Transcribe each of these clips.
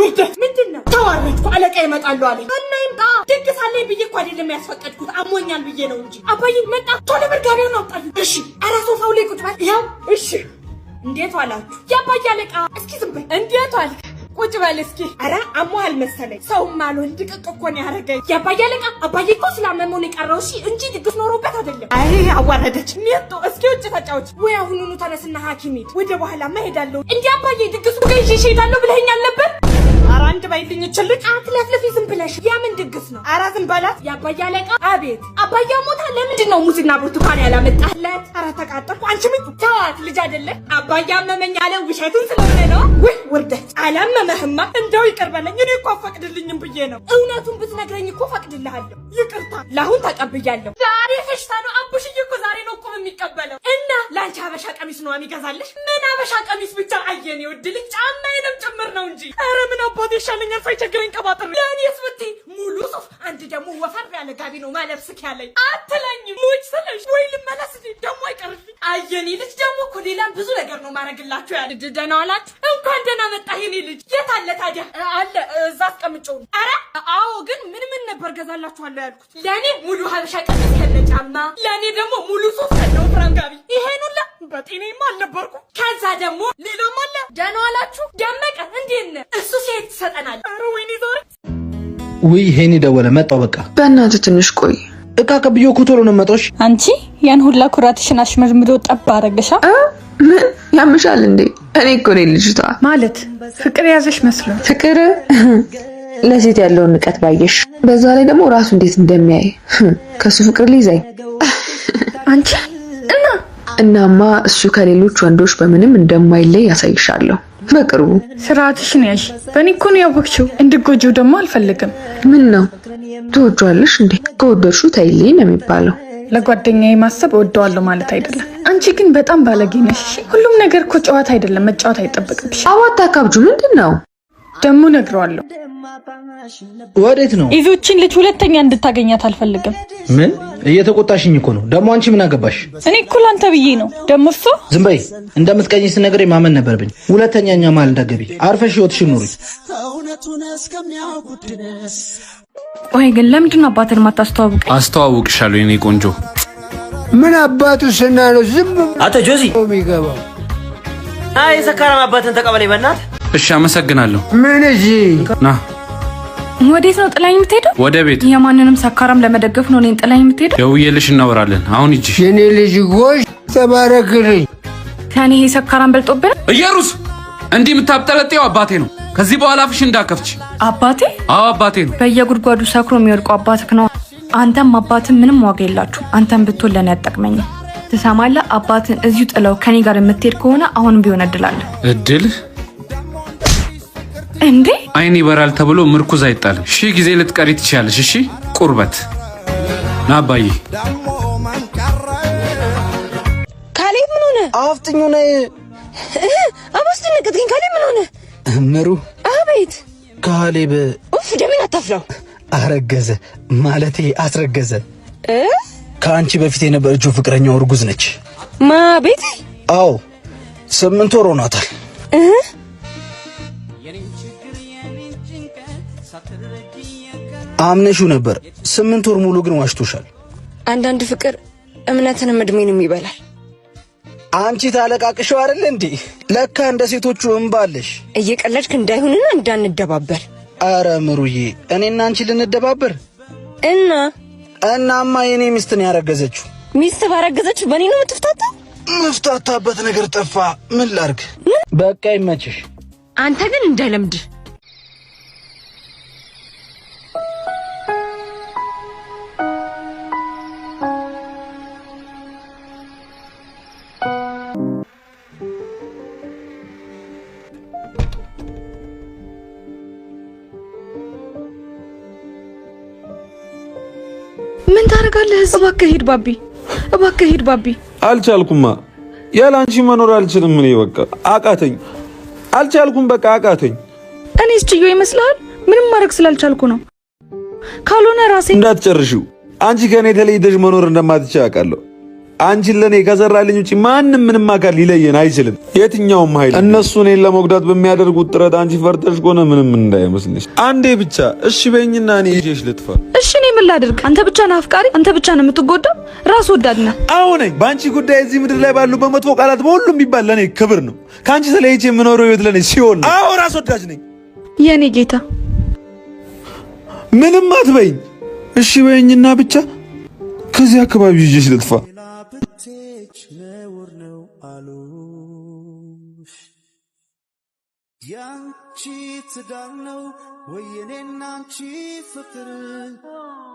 ጉልበት ምንድን ነው? ተዋረድኩ። አለቃ ይመጣሉ አለኝ እና ይምጣ ድግስ አለኝ ብዬ እኮ አይደለም ያስፈቀድኩት አሞኛል ብዬ ነው እንጂ አባዬ መጣ። ቶሎ መርጋቢያውን አውጣልኝ። እሺ። ኧረ ሶፋው ላይ ቁጭ በል። ያው እሺ። እንዴት ዋላችሁ? የአባዬ አለቃ እስኪ ዝም በል። እንዴት ዋልክ? ቁጭ በል እስኪ። ኧረ አሞሃል መሰለኝ። ሰውም አልሆን ድቅቅ እኮ ነው ያደረገኝ። የአባዬ አለቃ አባዬ እኮ ስላመመው ነው የቀረው እሺ፣ እንጂ ድግስ ኖሮበት አይደለም። አይ አዋረደች። ሚርጦ እስኪ ውጭ ተጫወች ወይ አሁኑኑ ተነስና ሐኪም ሂድ። ወደ በኋላ መሄዳለሁ። እንዲህ አባዬ ድግሱ ገዥሽ ሄዳለሁ ብለኸኝ አልነበር? አንድ ባይልኝችን ልጅ አትለፍልፊ ዝም ብለሽ። ያ ምን ድግስ ነው? ኧረ ዝም በላት። የአባያ ለቃ አቤት፣ አባያ ሞታ። ለምንድን ነው ሙዝና ብርቱካን ያላመጣለት? ኧረ ተቃጠልኩ። አንቺ ምን ተዋት፣ ልጅ አይደለ አባያ አመመኝ ያለ ውሸቱን ስለሆነ ነው። ውይ ውርደት። አላመመህማ፣ እንደው ይቅር በለኝ። እኔ እኮ ፈቅድልኝም ብዬ ነው። እውነቱን ብትነግረኝ እኮ ፈቅድልሃለሁ። ይቅርታ ለአሁን ተቀብያለሁ። ዛሬ ፈሽታ ነው። አቡሽዬ እኮ ዛሬ ነው ቁም የሚቀበለው እና ለአንቺ ሀበሻ ቀሚስ ነው የሚገዛልሽ። ምን ሀበሻ ቀሚስ ብቻ አየን ይወድልኝ ጫማዬንም ጭምር ነው እንጂ ኧረ ምን አባቴ ይሻለኛል ሳይቸግረኝ ቀባጥር ለእኔስ ስብቲ ሙሉ ሱፍ አንድ ደግሞ ወፈር ያለ ጋቢ ነው ማለብስክ ያለኝ አትለኝ ሙጭ ስለሽ ወይ ልመለስ ደግሞ አይቀርልኝ። አየኔ ልጅ ደግሞ እኮ ሌላም ብዙ ነገር ነው ማድረግላችሁ ያለ ደህና ዋላችሁ። እንኳን ደህና መጣ የኔ ልጅ። የት አለ ታዲያ? አለ እዛ አስቀምጬው ነው። ኧረ አዎ፣ ግን ምን ምን ነበር ገዛላችኋለሁ ያልኩት? ለእኔ ሙሉ ሀበሻ ቀሚስ ከነ ጫማ፣ ለእኔ ደግሞ ሙሉ ሱፍ ከነ ወፍራም ጋቢ። ይሄን ሁላ በጤናማ አልነበርኩም። ከዛ ደግሞ ሌላም አለ። ደህና ዋላችሁ ደመቀ እንዴት ትሰጠናል። ውይ ሄኒ ደወለ። መጣው በቃ በእናትህ ትንሽ ቆይ እቃ ቀብዬ እኮ ቶሎ ነው መጣሽ። አንቺ ያን ሁላ ኩራትሽን አሽመድምዶ ጠባ አረገሻ። ምን ያምሻል እንዴ? እኔ እኮ ነኝ ልጅቷ ማለት ፍቅር ያዘሽ መስሎ። ፍቅር ለሴት ያለውን ንቀት ባየሽ፣ በዛ ላይ ደግሞ ራሱ እንዴት እንደሚያይ ከሱ ፍቅር ሊይዘኝ አንቺ እና እናማ እሱ ከሌሎች ወንዶች በምንም እንደማይለይ ያሳይሻለሁ። በቅርቡ ስርዓትሽን ያሽ በእኔ እኮ ነው ያወቅሽው። እንድትጎጂው ደግሞ አልፈልግም። ምን ነው ትወጇለሽ እንዴ? ከወደድሽው ተይልኝ ነው የሚባለው። ለጓደኛዬ ማሰብ እወደዋለሁ ማለት አይደለም። አንቺ ግን በጣም ባለጌ ነሽ። ሁሉም ነገር እኮ ጨዋታ አይደለም፣ መጫወት አይጠበቅብሽ። አዋታ ካብጁ ምንድን ነው? ደግሞ ነግረዋለሁ። ወዴት ነው ኢዚዎችን ልጅ ሁለተኛ እንድታገኛት አልፈልግም። ምን እየተቆጣሽኝ እኮ ነው? ደግሞ አንቺ ምን አገባሽ? እኔ እኮ ላንተ ብዬ ነው። ደግሞ እሱ ዝም በይ። እንደምትቀኝ ስነግሬ ማመን ነበርብኝ። ሁለተኛ እኛ መሀል እንዳትገቢ፣ አርፈሽ ህይወትሽን ኑሪ። ወይ ግን ለምንድን ነው አባትን ማታስተዋውቅ? አስተዋውቅሻለሁ የኔ ቆንጆ። ምን አባቱ ስና ነው ዝም አቶ ጆዚ የሚገባው? አይ የሰካራም አባትን ተቀበለኝ በእናትህ እሺ፣ አመሰግናለሁ። ምን እዚ ና ወዴት ነው ጥላኝ የምትሄደው? ወደ ቤት። የማንንም ሰካራም ለመደገፍ ነው እኔን ጥላኝ የምትሄደው? ደውዬልሽ እናወራለን። አሁን ሂጂ። የኔ ልጅ ጎሽ፣ ተባረክልኝ። ከኔ ይሄ ሰካራም በልጦብን። እየሩስ እንዲህ የምታብጠለጤው አባቴ ነው። ከዚህ በኋላ አፍሽ እንዳከፍች። አባቴ? አዎ አባቴ ነው። በየጉድጓዱ ሰክሮ የሚወድቁ አባትህ ነው። አንተም አባትህ ምንም ዋጋ የላችሁ። አንተም ብትሆን ለእኔ አጠቅመኝ። ትሰማለህ? አባትህን እዚሁ ጥለው ከኔ ጋር የምትሄድ ከሆነ አሁንም ቢሆን እድላለሁ። እድል እንዴ አይን ይበራል ተብሎ ምርኩዝ አይጣልም። ሺ ጊዜ ልትቀሪ ትችላለሽ። እሺ ቁርበት ና አባዬ። ምን ሆነ? አፍጥኝ ሆነ አባስደነገጥከኝ። ካሌብ ምን ሆነ? ምሩ አቤት። ካሌብ ኡፍ ደሜን አታፍላው። አረገዘ ማለቴ አስረገዘ። ከአንቺ በፊት የነበረችው ፍቅረኛው እርጉዝ ነች። ማ ቤቴ? አዎ ስምንት ወር ሆኗታል። አምነሽው ነበር። ስምንት ወር ሙሉ ግን ዋሽቶሻል። አንዳንድ ፍቅር እምነትንም እድሜንም ይበላል። አንቺ ታለቃቅሽው አይደል እንዴ? ለካ እንደ ሴቶቹ እምባለሽ። እየቀለድክ እንዳይሆንና እንዳንደባበር። አረ ምሩዬ፣ እኔና አንቺ ልንደባበር እና እናማ የኔ ሚስት ነው ያረገዘችው። ሚስት ባረገዘችው በእኔ ነው የምትፍታታ? ምፍታታበት ነገር ጠፋ። ምን ላርግ? በቃ ይመችሽ። አንተ ግን እንደ ልምድ ምን ታደርጋለህ? እባክህ ሂድ ባቢ፣ እባክህ ሂድ ባቢ። አልቻልኩማ፣ ያለ አንቺ መኖር አልችልም። እኔ በቃ አቃተኝ። አልቻልኩም። በቃ አቃተኝ። እኔ እስችዮ ይመስልሃል? ምንም ማድረግ ስላልቻልኩ ነው። ካልሆነ ራሴ እንዳትጨርሺው። አንቺ ከእኔ ተለይተሽ መኖር እንደማትቻ አውቃለሁ። አንቺን ለእኔ ከዘራልኝ ውጪ ማንም ምንም አካል ሊለየን አይችልም። የትኛውም ኃይል እነሱ እኔን ለመጉዳት በሚያደርጉት ጥረት አንቺ ፈርተሽ ከሆነ ምንም እንዳይመስልሽ። አንዴ ብቻ እሺ በይኝና እኔ ይዤሽ ልጥፋ። እሺ እኔ ምን ላድርግ? አንተ ብቻ ነህ አፍቃሪ፣ አንተ ብቻ ነህ የምትጎዳው፣ ራስ ወዳድ ነህ። አሁን ነኝ በአንቺ ጉዳይ እዚህ ምድር ላይ ባሉ በመጥፎ ቃላት በሁሉም ቢባል ለእኔ ክብር ነው። ከአንቺ ተለይቼ የምኖረው ህይወት ለእኔ ሲሆን አዎ ራስ ወዳጅ ነኝ የእኔ ጌታ። ምንም አትበይኝ እሺ በይኝና ብቻ ከዚህ አካባቢ ይዤሽ ልጥፋ። አሉሽ። ያንቺ ትዳር ነው ወየኔና አንቺ ፍቅር?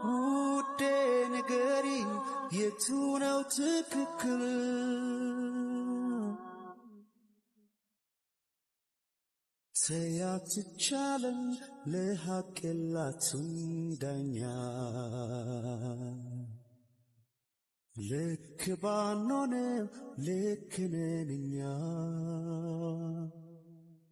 ውዴ ንገሪኝ የቱ ነው ትክክል? ተያትቻለን ለሀቅ የላትም ዳኛ ልክ ባንሆንም ልክ ነን እኛ